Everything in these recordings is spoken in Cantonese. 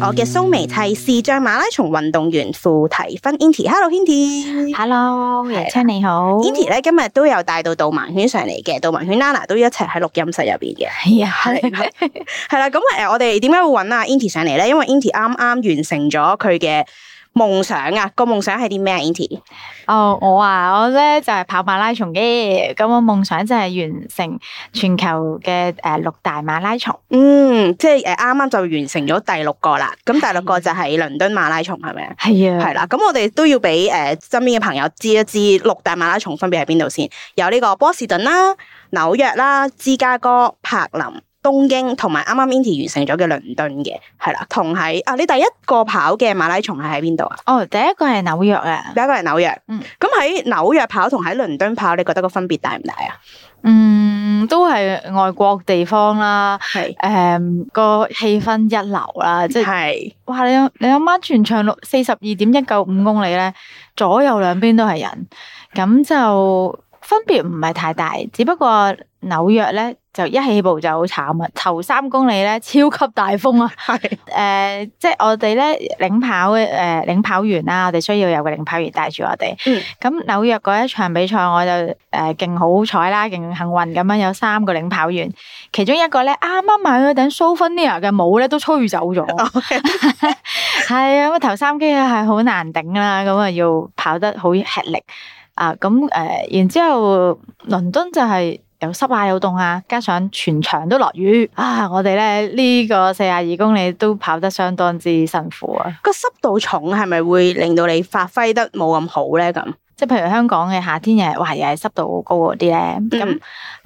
我嘅蘇眉替視障馬拉松運動員傅提芬 Inti，Hello Inti，Hello，椰青你好，Inti 咧今日都有帶到導盲犬上嚟嘅，導盲犬 Nana 都一齊喺錄音室入邊嘅，係啊，係係啦，咁誒，我哋點解會揾阿 Inti 上嚟咧？因為 Inti 啱啱完成咗佢嘅。夢想啊，個夢想係啲咩啊 Inti？哦，我啊，我咧就係、是、跑馬拉松嘅，咁我夢想就係完成全球嘅誒六大馬拉松。嗯，即係誒啱啱就完成咗第六個啦，咁第六個就係倫敦馬拉松係咪啊？係啊，係啦，咁我哋都要俾誒身邊嘅朋友知一知六大馬拉松分別喺邊度先，有呢個波士頓啦、紐約啦、芝加哥、柏林、東京同埋啱啱 Inti 完成咗嘅倫敦嘅係啦，同喺啊，你第一個跑嘅馬拉松係喺邊度啊？哦，第一個係紐約啊！第一個係紐約，嗯，咁喺紐約跑同喺倫敦跑，你覺得個分別大唔大啊？嗯，都係外國地方啦，係誒個氣氛一流啦，即係是哇你有你啱啱全長六四十二點一九五公里咧，左右兩邊都係人，咁就分別唔係太大，只不過。紐約呢就一起步就好慘啊！頭三公里呢超級大風啊，係誒是的、呃，即係我哋咧領跑嘅，誒、呃、領跑員啦，我哋需要有個領跑員帶住我哋。咁紐、嗯、約嗰一場比賽我就誒勁、呃、好彩啦，勁幸運咁樣有三個領跑員，其中一個咧啱啱買咗頂 Souvenir 嘅帽咧都吹走咗，係啊 Okay. 咁頭三公里係好難頂啦，咁啊要跑得好吃力啊，咁、呃、誒，然之後，然後倫敦就係、是。又濕啊，又凍啊，加上全場都落雨啊！我哋呢、呢個四廿二公里都跑得相當之辛苦啊！個濕度重係咪會令到你發揮得冇咁好咧？咁即係譬如香港嘅夏天又係，哇又係濕度好高嗰啲咧咁，誒、mm hmm.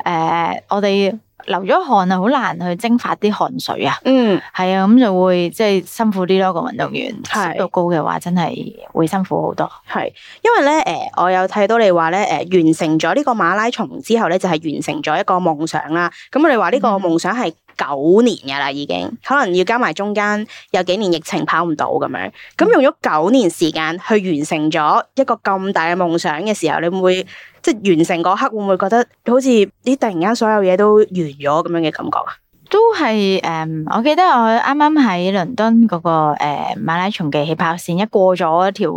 呃、我哋。流咗汗好難去蒸發啲汗水、嗯、是啊。嗯，係啊，咁就即係會辛苦啲咯。個運動員，係，濕度高嘅話，真係會辛苦好多。係，因為呢，誒，我有睇到你話咧，誒，完成咗呢個馬拉松之後呢，就係完成咗一個夢想啦。咁我哋話呢個夢想係。嗯九年噶啦，已經可能要加埋中間有幾年疫情跑唔到咁樣，咁用咗九年時間去完成咗一個咁大嘅夢想嘅時候，你會即係完成嗰刻會唔會覺得好似你突然間所有嘢都完咗咁樣嘅感覺啊？都係誒、呃，我記得我啱啱喺倫敦嗰、嗰個誒、呃、馬拉松嘅起跑線過一過咗條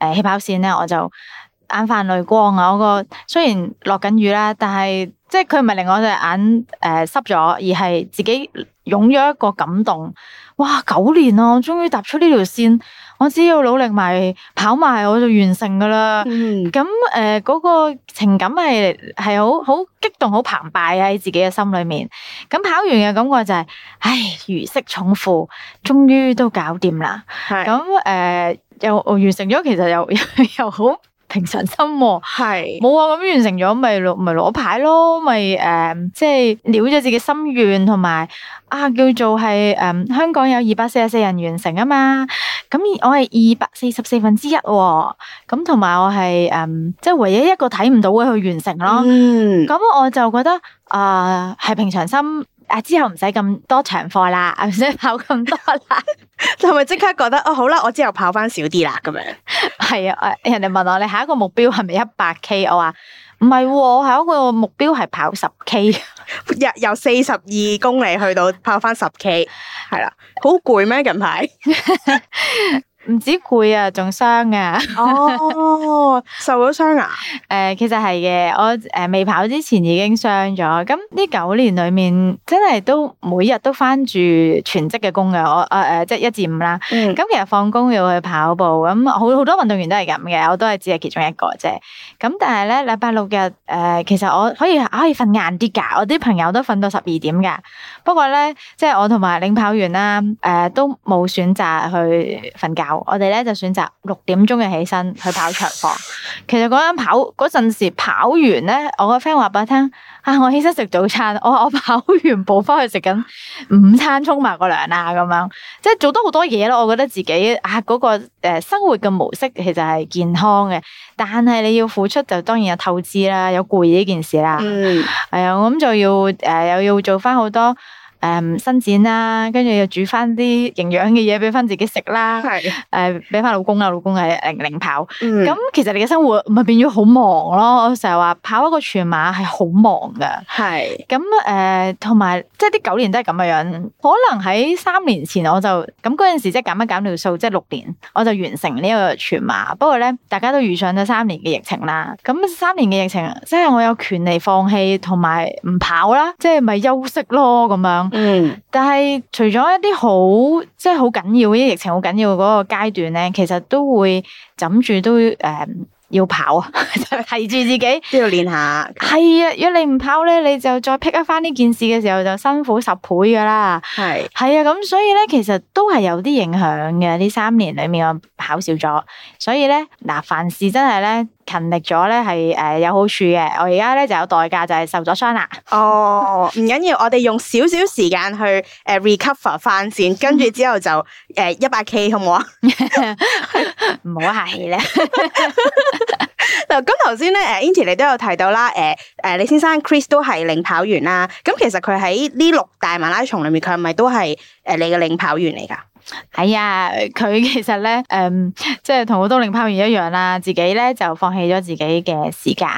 誒起跑線咧，我就眼泛淚光啊！我個雖然落緊雨啦，但係。即係佢唔係令我隻眼誒濕咗，而係自己湧咗一個感動。哇，九年啊，我終於踏出呢條線，我只要努力埋跑埋，我就完成噶啦。咁誒、嗯，嗰、呃那個情感係係好好激動、好澎湃喺自己嘅心裏面。咁跑完嘅感覺就係、是，唉，如釋重負，終於都搞掂啦。咁誒是、呃，又完成咗，其實又又，又，又好。平常心係冇話，咁是完成咗咪攞咪攞牌咯，咪誒即係了咗自己心願同埋啊叫做係誒、嗯、香港有二百四十四人完成啊嘛，咁我係二百四十四分之一咁、啊，同埋我係誒即係唯一一個睇唔到嘅去完成咯。咁、嗯、我就覺得誒係、啊、平常心，誒、啊、之後唔使咁多場課啦，唔使跑咁多啦。 就係咪即刻覺得啊、哦、好啦，我之後跑翻少啲啦咁樣？係啊，人哋問我，你下一個目標係咪一百 K？我話唔係，我下一個目標係跑十 K， 由由四十二公里去到跑翻十 K，係啦、啊，好攰咩？近排？ 唔止攰啊，仲傷啊！ 哦，受咗傷啊？誒、呃，其實係嘅，我誒未跑之前已經傷咗。咁呢九年裏面，真係都每日都返住全職嘅工嘅。我誒誒、呃，即係一至五啦。咁、嗯、其實放工要去跑步，咁好好多運動員都係咁嘅，我都係只係其中一個啫。咁但係咧，禮拜六日誒、呃，其實我可以我可以瞓晏啲㗎。我啲朋友都瞓到十二點㗎。不過咧，即係我同埋領跑員啦，誒、呃、都冇選擇去瞓覺。我哋咧就選擇六點鐘嘅起身去跑長跑。其實嗰陣跑陣時跑完咧，我個 friend 話俾我聽啊，我起身食早餐，我我跑完步翻去食緊午餐，沖埋個涼啦咁樣，即係做得好多嘢咯。我覺得自己啊，嗰個誒生活嘅模式其實係健康嘅，但係你要付出就當然有透支啦，有攰呢件事啦。嗯，係啊，我諗就要誒，又要做翻好多。誒、嗯、伸展啦，跟住又煮翻啲營養嘅嘢俾翻自己食啦，誒俾翻老公啦，老公係零零跑，咁、嗯、其實你嘅生活咪變咗好忙咯，我成日話跑一個全馬係好忙嘅，咁誒同埋即係啲九年都係咁嘅樣，可能喺三年前我就咁嗰陣時即係減一減條數，即、就、係、是、六年我就完成呢個全馬，不過咧大家都遇上咗三年嘅疫情啦，咁三年嘅疫情即係、就是、我有權利放棄同埋唔跑啦，即係咪休息咯咁樣。嗯，但係除咗一啲好即係好緊要啲疫情好緊要嗰個階段呢，其實都會枕住都、呃、要跑啊， 提住自己都要練下。係啊，如果你唔跑呢，你就再 pick 翻呢件事嘅時候就辛苦十倍㗎喇。係係啊，咁、嗯、所以呢，其實都係有啲影響嘅，呢三年裏面我跑少咗，所以呢，嗱，凡事真係呢。勤力咗咧，係誒有好處嘅。我而家咧就有代價，就係、是、受咗傷啦。哦，唔緊要，我哋用少少時間去誒 recover 翻先，跟住、嗯、之後就誒一百 k 好唔好啊？唔好 客氣咧。嗱， 咁頭先咧，誒 Inti 你都有提到啦，誒，誒，李先生 Chris 都係領跑員啦。咁其實佢喺呢六大，大馬拉松裏面，佢係咪都係誒你嘅領跑員嚟噶？係啊，佢、哎、其實呢，誒、嗯，即係同好多領跑員一樣啦，自己呢就放棄咗自己嘅時間，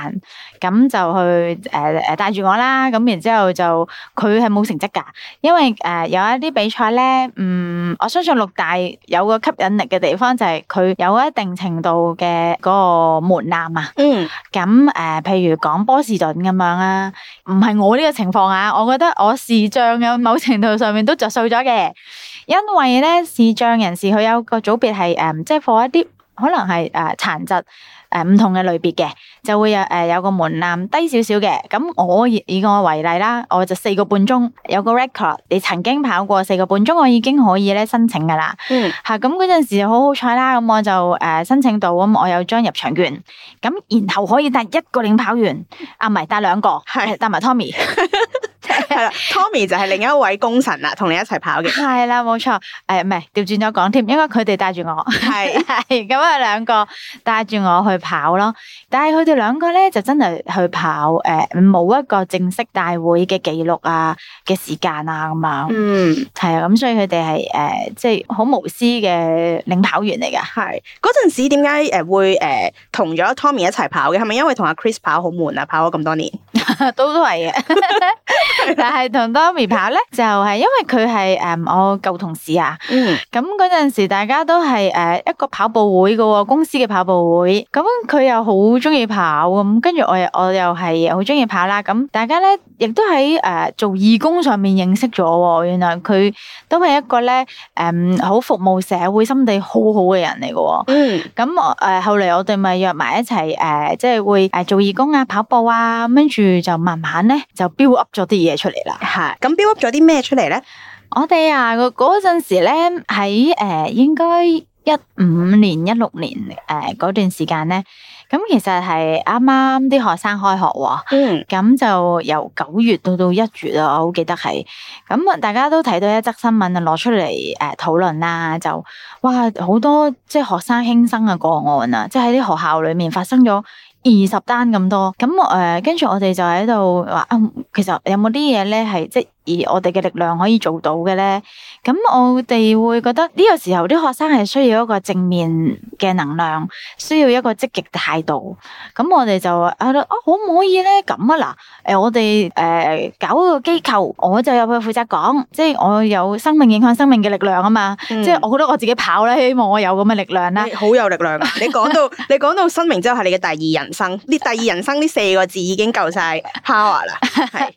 咁就去誒誒帶住我啦，咁然之後就佢係冇成績噶，因為誒、呃、有一啲比賽呢，嗯，我相信六大有個吸引力嘅地方就係佢有一定程度嘅嗰個門檻啊，嗯，咁誒、呃，譬如講波士頓咁樣啊，唔係我呢個情況啊，我覺得我視障有某程度上面都着數咗嘅。因為咧，視像人士佢有個組別係誒、嗯，即係放一啲可能係誒殘疾誒唔、嗯、同嘅類別嘅，就會有誒、呃、有個門檻低少少嘅。咁我以我為例啦，我就四個半鐘有個 record，你曾經跑過四個半鐘，我已經可以咧申請噶啦。嗯，吓咁嗰陣時好好彩啦，咁我就誒申請到，咁我有張入場券，咁然後可以搭一個領跑員，嗯、啊唔係搭兩個，係搭埋 Tommy。 係啦 ，Tommy 就係另一位功臣啦，同你一齊跑嘅。係啦， 冇錯，誒唔係調轉咗講添，應該佢哋帶住我，係係咁啊，兩個帶住我去跑咯。但係佢哋兩個咧就真係去跑誒，冇、呃、一個正式大會嘅記錄啊嘅時間啊咁樣。嗯，係啊，咁所以佢哋係誒即係好無私嘅領跑員嚟嘅。係嗰陣時點解誒會誒同、呃、咗 Tommy 一齊跑嘅？係咪因為同阿 Chris 跑好悶啊？跑咗咁多年。 都都係嘅，但係同 Tommy 跑咧，就係、是、因為佢係誒我舊同事啊，咁嗰陣時大家都係誒一個跑步會噶喎、哦，公司嘅跑步會，咁佢又好中意跑咁，跟住我又我又係好中意跑啦，咁大家咧亦都喺誒做義工上面認識咗、哦，原來佢都係一個咧誒好服務社會心地好好嘅人嚟嘅、哦，嗯，咁誒後嚟我哋咪約埋一齊誒，即、呃、係、就是、會誒做義工啊，跑步啊，跟住。就慢慢咧就 build up 咗啲嘢出嚟啦，係咁的 build up 咗啲咩出嚟咧？我哋啊嗰陣時咧喺，誒，應該一五年一六年誒嗰、啊、段時間咧，咁其實係啱啱啲學生開學喎，嗯，咁就由九月到到一月啊，我好記得係咁啊，大家都睇到一則新聞啊，攞出嚟誒討論啦，就哇好多即係學生輕生嘅個案啊，即係喺啲學校裏面發生咗。二十單咁多，咁、呃、我跟住我哋就喺度話啊，其實有冇啲嘢咧係即係。而我哋嘅力量可以做到嘅咧，咁我哋會覺得呢個時候啲學生係需要一個正面嘅能量，需要一個積極態度。咁我哋就話度啊，可唔可以咧？咁啊，嗱，誒，我哋誒、呃、搞個機構，我就入去負責講，即係我有生命影響生命嘅力量啊嘛。嗯、即係我覺得我自己跑咧，希望我有咁嘅力量啦。好有力量啊！你講到 你講到生命之後係你嘅第二人生，呢第二人生呢四個字已經夠晒 power 啦。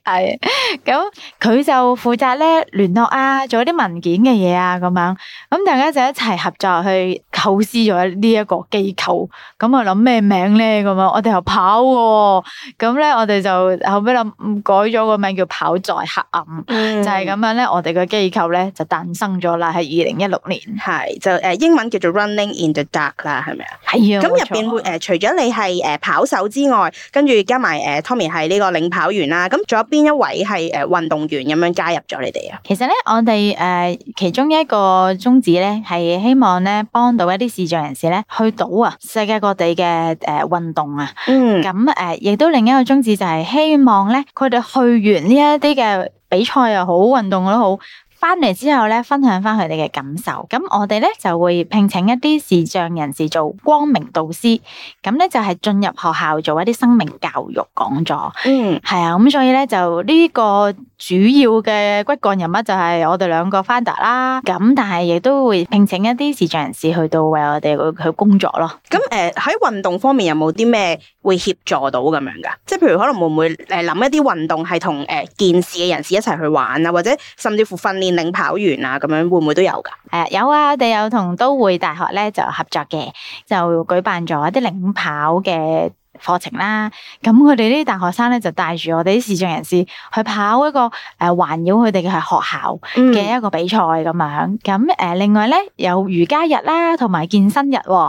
係，咁佢。 佢就負責咧聯絡啊，做啲文件嘅嘢啊，咁樣，咁大家就一齊合作去構思咗呢一個機構。咁我諗咩名咧？咁樣我哋又跑喎。咁咧我哋就後尾諗改咗個名叫跑在黑暗，嗯、就係咁樣咧。我哋個機構咧就誕生咗啦，喺二零一六年。係，就誒英文叫做 Running in the Dark 啦，係咪啊？係啊。咁入邊會誒除咗你係誒跑手之外，跟住加埋誒 Tommy 係呢個領跑員啦。咁仲有邊一位係誒運動員？咁樣加入咗你哋啊？其實咧，我哋誒、呃、其中一個宗旨咧，係希望咧幫到一啲視障人士咧去到啊世界各地嘅誒運動啊，嗯，咁誒、呃、亦都另一個宗旨就係希望咧，佢哋去完呢一啲嘅比賽又好，運動都好，翻嚟之後咧分享翻佢哋嘅感受。咁我哋咧就會聘請一啲視障人士做光明導師。咁咧就係、是、進入學校做一啲生命教育講座。嗯，係啊。咁所以咧就呢、這個。這個主要嘅骨幹人物就係我哋兩個翻達啦，咁但係亦都會聘請一啲視障人士去到為我哋去去工作咯。咁誒喺運動方面有冇啲咩會協助到咁樣噶？即係譬如可能會唔會誒諗一啲運動係同誒健視嘅人士一齊去玩啊，或者甚至乎訓練領跑員啊咁樣會唔會都有噶？係啊，有啊，我哋有同都會大學咧就合作嘅，就舉辦咗一啲領跑嘅。課程啦，咁佢哋呢啲大學生咧就帶住我哋啲視障人士去跑一個誒環繞佢哋嘅係學校嘅一個比賽咁樣，咁誒、嗯、另外咧有瑜伽日啦，同埋健身日，咁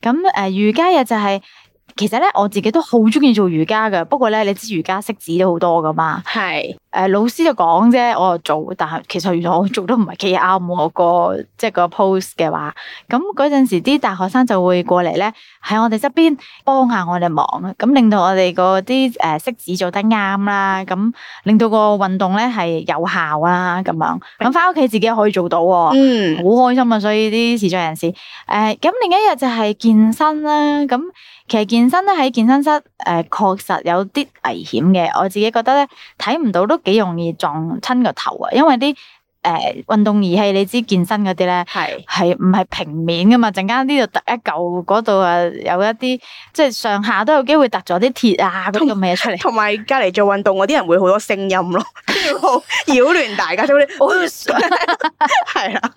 誒瑜伽日就係、是、其實咧我自己都好中意做瑜伽噶，不過咧你知瑜伽識字都好多噶嘛，係。誒、呃，老師就講啫，我就做，但係其實原來我做得唔係幾啱我個即係個 pose 嘅話，咁嗰陣時啲大學生就會過嚟咧，喺我哋側邊幫下我哋忙，咁令到我哋個啲誒識字做得啱啦，咁令到個運動咧係有效啦，咁樣，咁翻屋企自己可以做到，哦，嗯，好開心啊！所以啲視障人士，誒、呃，咁另一日就係健身啦，啊，咁其實健身咧喺健身室，誒、呃，確實有啲危險嘅，我自己覺得咧睇唔到都。幾容易撞親個頭啊！因為啲。誒，運動儀器你知健身嗰啲咧，係係唔係平面噶嘛陣間呢度突一嚿，嗰度啊有一啲，即係上下都有機會突咗啲鐵啊嗰啲嘢出嚟。同埋隔籬做運動，嗰啲人會好多聲音咯，跟住好擾亂大家，所以好係啦。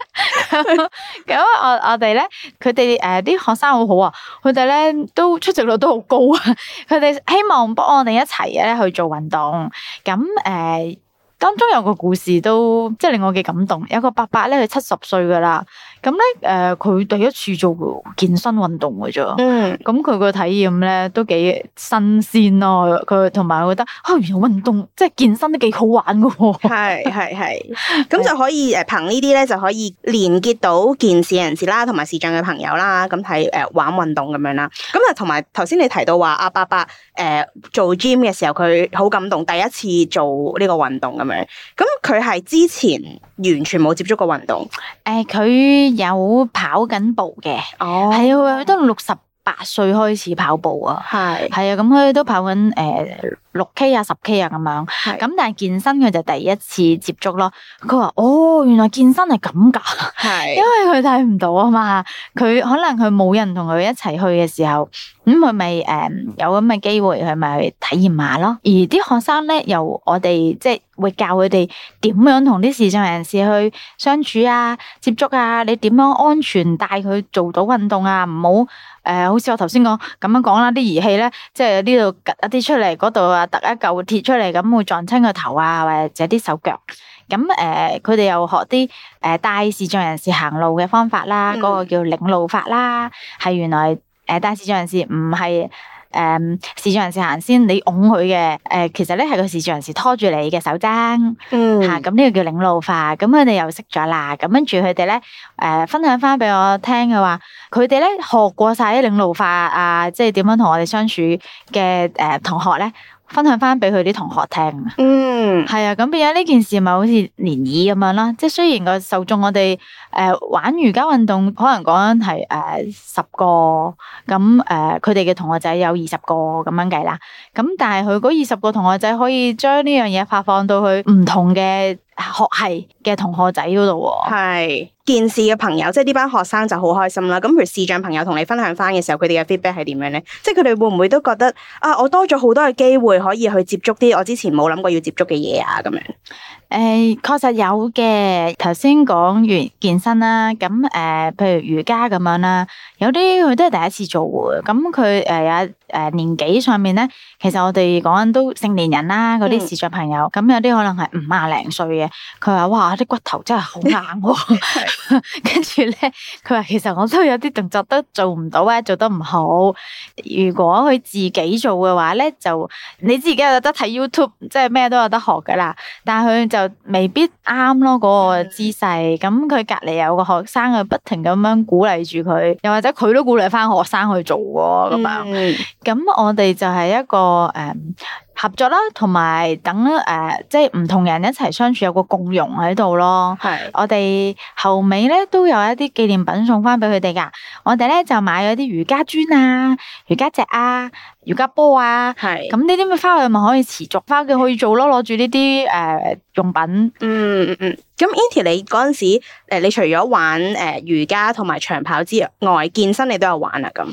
咁我我哋咧，佢哋誒啲學生好好啊，佢哋咧都出席率都好高啊，佢哋希望幫我哋一齊咧去做運動。咁誒。呃當中有個故事，都即係令我幾感動。有個伯伯呢，佢七十歲㗎喇。咁咧，誒佢、呃、第一次做健身運動嘅啫。嗯。咁佢個體驗咧都幾新鮮咯、哦。佢同埋我覺得，啊原來運動即係健身都幾好玩嘅喎、哦。係係係。咁就可以誒，憑呢啲咧就可以連結到健視人士啦，同埋視障嘅朋友啦，咁睇誒玩運動咁樣啦。咁啊，同埋頭先你提到話阿伯伯誒做 gym 嘅時候，佢好感動，第一次做呢個運動咁樣。咁佢係之前完全冇接觸過運動。誒佢、呃。有跑緊步嘅，係啊、oh.，佢都六十八歲開始跑步啊，係 Yes.，係啊，咁佢都跑緊誒。呃六 K 啊，十 K 啊，咁樣，咁是但係健身佢就第一次接觸咯。佢話哦，原來健身係咁噶，係是因為佢睇唔到啊嘛。佢可能佢冇人同佢一齊去嘅時候，咁佢咪誒有咁嘅機會，佢咪去體驗下咯。而啲學生咧，由我哋即係會教佢哋點樣同啲視障人士去相處啊、接觸啊。你點樣安全帶佢做到運動啊？唔好誒，好似我頭先講咁樣講啦，啲儀器咧，即係呢度一啲出嚟度啊。揼一嚿鐵出嚟，咁會撞親個頭啊，或者啲手腳。咁誒，佢、呃、哋又學啲誒帶視障人士行路嘅方法啦，嗰、嗯、個叫領路法啦。係原來誒帶、呃、視障人士唔係誒視障人士行先，你拱佢嘅誒，其實咧係個視障人士拖住你嘅手踭嚇。咁呢、嗯啊這個叫領路法。咁佢哋又識咗啦。咁跟住佢哋咧誒分享翻俾我聽嘅話，佢哋咧學過晒啲領路法啊，即係點樣同我哋相處嘅誒同學咧。呃呃呃呃呃呃呃分享翻俾佢啲同學聽，嗯，係啊，咁變咗呢件事咪好似漣漪咁樣啦。即係雖然個受眾我哋、呃、玩瑜伽運動可能講係誒十個，咁誒佢哋嘅同學仔有二十個咁樣計啦。咁但係佢嗰二十個同學仔可以將呢樣嘢發放到去唔同嘅學系嘅同學仔嗰度喎，係。件事嘅朋友，即係呢班學生就好開心啦。譬如視障朋友同你分享返嘅時候，佢哋嘅 feedback 係點樣呢？即係佢哋會唔會都覺得啊，我多咗好多嘅機會可以去接觸啲我之前冇諗過要接觸嘅嘢啊咁樣。誒，確實有嘅。頭先講完健身啦，咁誒、呃，譬如瑜伽咁樣啦，有啲佢都係第一次做，咁佢誒有誒年紀上面咧，其實我哋講緊都成年人啦，嗰啲視像朋友，咁、嗯、有啲可能係五廿零歲嘅，佢話哇啲骨頭真係好硬啊， 是 跟住咧，佢話其實我都有啲動作都做唔到呀，做得唔好。如果佢自己做嘅話咧，就你自己有得睇 YouTube，即係咩都有得學噶啦，但係佢就。未必啱咯，嗰、那個姿勢。咁佢隔籬有個學生，佢不停咁樣鼓勵住佢，又或者佢都鼓勵翻學生去做喎。咁樣、嗯，咁我哋就係一個誒。嗯合作啦，同埋等誒，即係唔同人一齊相處，有個共融喺度咯。係是我哋後尾咧都有一啲紀念品送翻俾佢哋噶。我哋咧就買咗啲瑜伽磚啊、瑜伽席啊、瑜伽波啊。係咁呢啲咁嘅花，我哋咪可以持續翻屋企可以做咯。攞住呢啲誒用品。嗯嗯嗯。咁、嗯嗯、Inti，你嗰陣時誒，你除咗玩誒瑜伽同埋長跑之外，健身你都有玩啊？咁。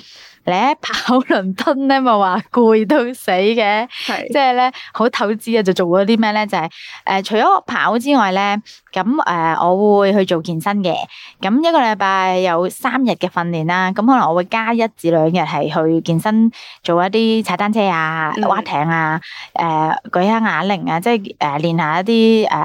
咧跑倫敦呢咪話攰到死嘅，即係呢，好透支啊！就做咗啲咩呢？就係、是、誒、呃、除咗跑之外呢，咁、呃、誒我會去做健身嘅。咁一個禮拜有三日嘅訓練啦，咁可能我會加一至兩日係去健身，做一啲踩單車啊、劃艇啊、誒、嗯呃、舉下啞鈴啊，即係誒練下一啲誒、呃、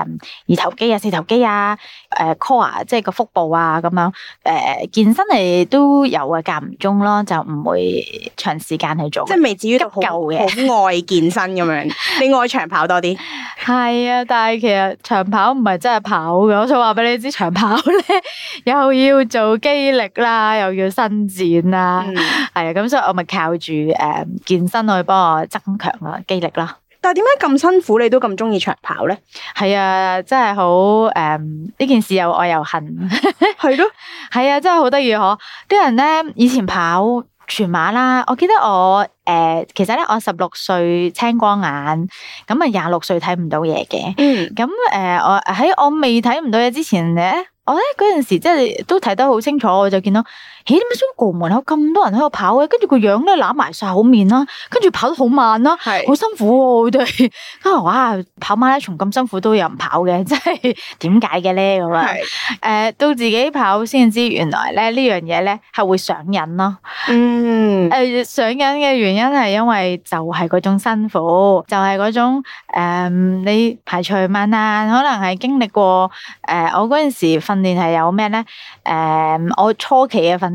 二頭肌啊、四頭肌啊、誒 core 即係個腹部啊咁樣。誒、呃、健身係都有啊，間唔中，中咯，就唔～會長時間去做，即係未至於得夠嘅，好救 愛健身咁樣。你愛長跑多啲？係啊，但係其實長跑唔係真係跑嘅。我想話俾你知，長跑咧又要做肌力啦，又要伸展啦，係、嗯、啊。咁所以我咪靠住誒、嗯、健身去幫我增強個肌力啦。但係點解咁辛苦你都咁中意長跑咧？係啊，真係好誒！呢、嗯、件事又愛又恨，係咯，係啊，真係好得意嗬！啲、 啊、人咧以前跑。全碼啦！我記得我誒、呃，其實咧我十六歲青光眼，咁啊廿六歲睇唔到嘢嘅。咁誒、嗯嗯呃，我喺我未睇唔到嘢之前咧，我咧嗰陣時即係都睇得好清楚，我就見到。咦，點解松哥門口咁多人喺度跑嘅？跟住個樣咧，攬埋晒口面啦、啊，跟住跑得好慢啦、啊，好是辛苦喎佢哋。咁啊是， 跑馬拉松咁辛苦都有人跑嘅，即係點解嘅咧咁啊？誒是、呃，到自己跑先知，原來咧呢樣嘢咧係會上癮咯。嗯，誒、呃，上癮嘅原因係因為就係嗰種辛苦，就係、是、嗰種誒、呃，你排除萬難，可能係經歷過誒、呃，我嗰陣時訓練係有咩咧？誒、呃，我初期嘅訓。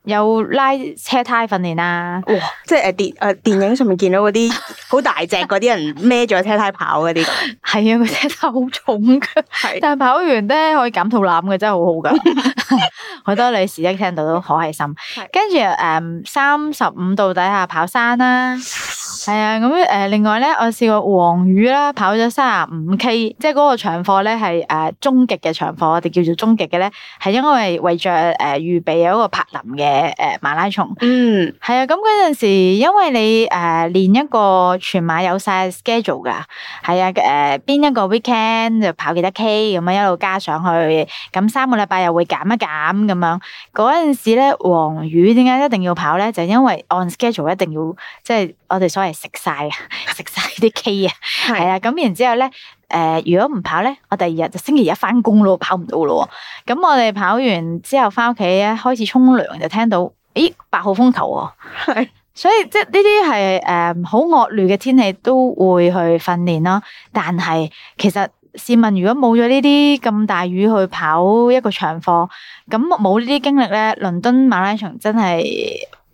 有拉車胎訓練啦，哇！即係誒電誒電影上面見到嗰啲好大隻嗰啲人孭咗車胎跑嗰啲，係 啊！個車胎好重噶，係是但係跑完咧可以減肚腩嘅，真係好好噶。好 多女士一聽到都好開心。跟住誒三十五度底下跑山啦，係 啊！咁誒另外咧，我試過黃雨啦，跑咗三啊五 K，即係嗰個長課咧係誒終極嘅長課，我哋叫做終極嘅咧係因為為着誒預備有一個柏林嘅。誒誒，馬拉松，嗯，係啊，咁嗰陣時，因為你誒練、呃、一個全馬有晒 schedule 噶，係啊，誒、呃、邊一個 weekend 就跑幾多 k 咁樣一路加上去，咁三個禮拜又會減一減咁樣，嗰陣時咧黃魚點解一定要跑咧？就因為按 schedule 一定要，即、就、係、是、我哋所謂食晒啊，食晒啲 k 啊，係啊，咁然之後咧。誒、呃，如果唔跑呢，我第二日就星期一返工咯，跑唔到咯。咁我哋跑完之後返屋企咧，開始沖涼就聽到，咦，八號風球喎，哦。 所以即係呢啲係好惡劣嘅天氣都會去訓練啦。但係其實試問，如果冇咗呢啲咁大雨去跑一個長課，咁冇呢啲經歷呢，倫敦馬拉松真係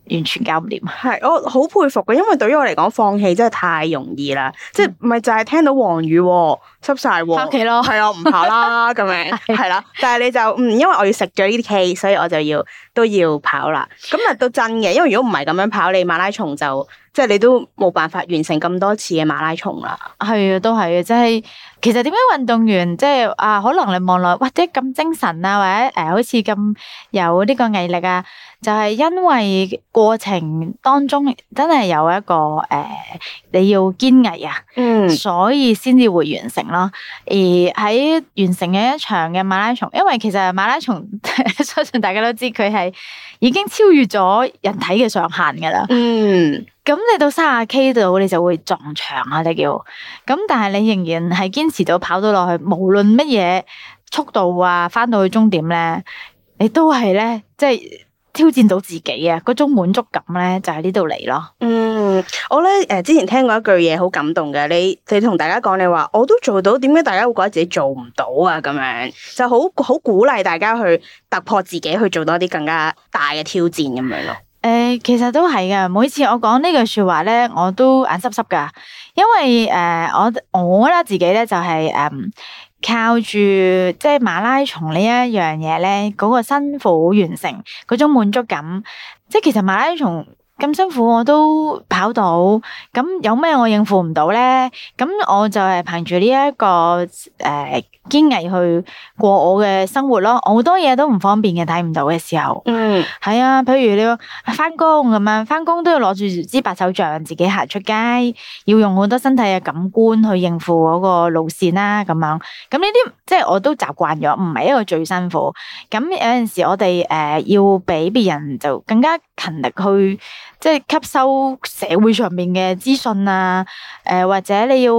完全搞唔掂，係我好佩服嘅，因為對於我嚟講，放棄真係太容易啦，嗯、即係咪就係聽到黃雨濕晒，濕跑企咯，係啊，唔跑啦咁樣，係啦，但係你就嗯，因為我要食咗呢啲氣，所以我就要都要跑啦。咁啊，都真嘅，因為如果唔係咁樣跑，你馬拉松就即係你都冇辦法完成咁多次嘅馬拉松啦。係啊，都係啊，即係其實點解運動員即係、即係、啊，可能你望落哇，即係咁精神啊，或者誒，好似咁有呢個毅力啊？就係因為過程當中真係有一個誒、呃，你要堅毅啊，嗯，所以先至會完成咯。而喺完成嘅一場嘅馬拉松，因為其實馬拉松 相信大家都知佢係已經超越咗人體嘅上限噶啦，嗯，咁你到三十 K 度你就會撞牆啊，你叫。咁，但係你仍然係堅持到跑到落去，無論乜嘢速度啊，翻到去終點咧，你都係咧，即係。挑戰到自己啊，嗰種滿足感咧就喺呢度嚟咯。嗯，我咧誒之前聽過一句嘢好感動嘅，你你同大家講你話我都做到，點解大家會覺得自己做唔到啊？咁樣就好好鼓勵大家去突破自己，去做多啲更加大嘅挑戰咁樣咯。誒、呃，其實都係嘅。每次我講呢句說話咧，我都眼濕濕噶，因為誒、呃、我我覺得自己咧就係、是、誒。嗯靠住即係馬拉松呢一樣嘢咧，嗰個辛苦完成嗰種滿足感，即其實馬拉松。咁辛苦我都跑到，咁有咩我應付唔到呢？咁我就係憑住呢一個誒堅毅去過我嘅生活咯。好多嘢都唔方便嘅，睇唔到嘅時候，嗯，係啊，譬如你翻工咁樣，翻工都要攞住支白手杖自己行出街，要用好多身體嘅感官去應付嗰個路線啦。咁樣，咁呢啲即係我都習慣咗，唔係一個最辛苦。咁有陣時我哋誒，呃，要俾別人就更加勤力去。即係吸收社會上面嘅資訊啊，誒、呃、或者你要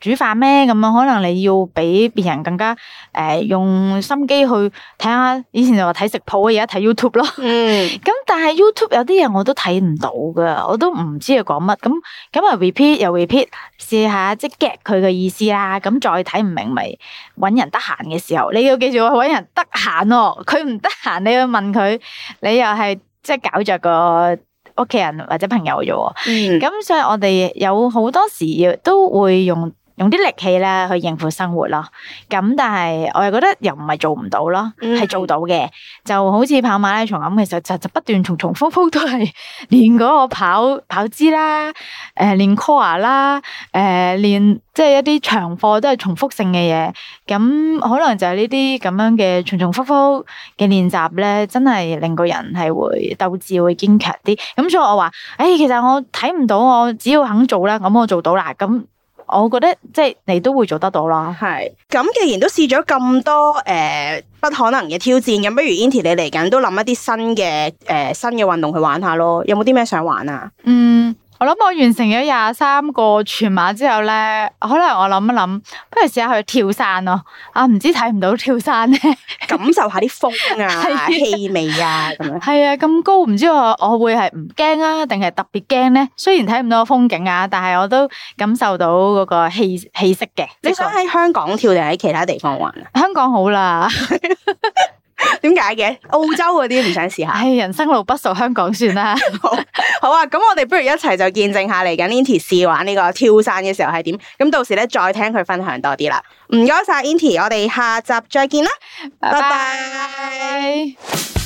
煮飯咩咁樣？可能你要比別人更加誒、呃、用心機去睇下，以前就話睇食譜，而家睇 YouTube 咯。咁、嗯、 但係 YouTube 有啲嘢我都睇唔到噶，我都唔知佢講乜。咁咁啊 repeat 又 repeat，試下即係 get 佢嘅意思啦。咁再睇唔明咪搵人得閒嘅時候，你要記住搵人得閒咯。佢唔得閒，你要問佢，你又係即係搞着個屋企人或者朋友啫喎，咁，嗯，所以我哋有好多時亦都會用，用啲力氣去應付生活咯，咁但係我又覺得又唔係做唔到咯，係、嗯、做到嘅，就好似跑馬拉松咁，其實就不斷重重複复都係練嗰個跑，跑姿啦，誒、呃、練 core 啦，誒練即係一啲長課都係重複性嘅嘢，咁、嗯、可能就係呢啲咁樣嘅重重複复嘅練習咧，真係令個人係會鬥志會堅強啲，咁、嗯、所以我話，誒、哎、其實我睇唔到，我只要肯做啦，咁我做到啦，嗯我覺得即係你都會做得到啦。咁，既然都試咗咁多不可能嘅挑戰，咁不如 Inti 你嚟緊都諗一啲新嘅誒新嘅運動去玩下咯。有冇啲咩想玩啊？我諗我完成咗廿三個全馬之後咧，可能我諗一諗，不如試下去跳傘咯。啊，唔知睇唔到跳傘咧，感受下啲風啊、氣、 啊、味啊咁樣。係啊，咁高唔知我我會係唔驚啊，定係特別驚咧？雖然睇唔到風景啊，但係我都感受到嗰個氣氣息嘅。你想喺香港跳定喺其他地方玩啊？香港好啦，點解嘅？澳洲嗰啲唔想試下。係、哎、人生路不熟，香港算啦。 好啊，咁我哋不如一齊就。見證下嚟緊，Inti 試玩呢、呢個跳傘嘅時候係點？咁到時咧再聽佢分享多啲啦。唔該晒，Inti，我哋下集再見啦，拜拜 bye。Bye bye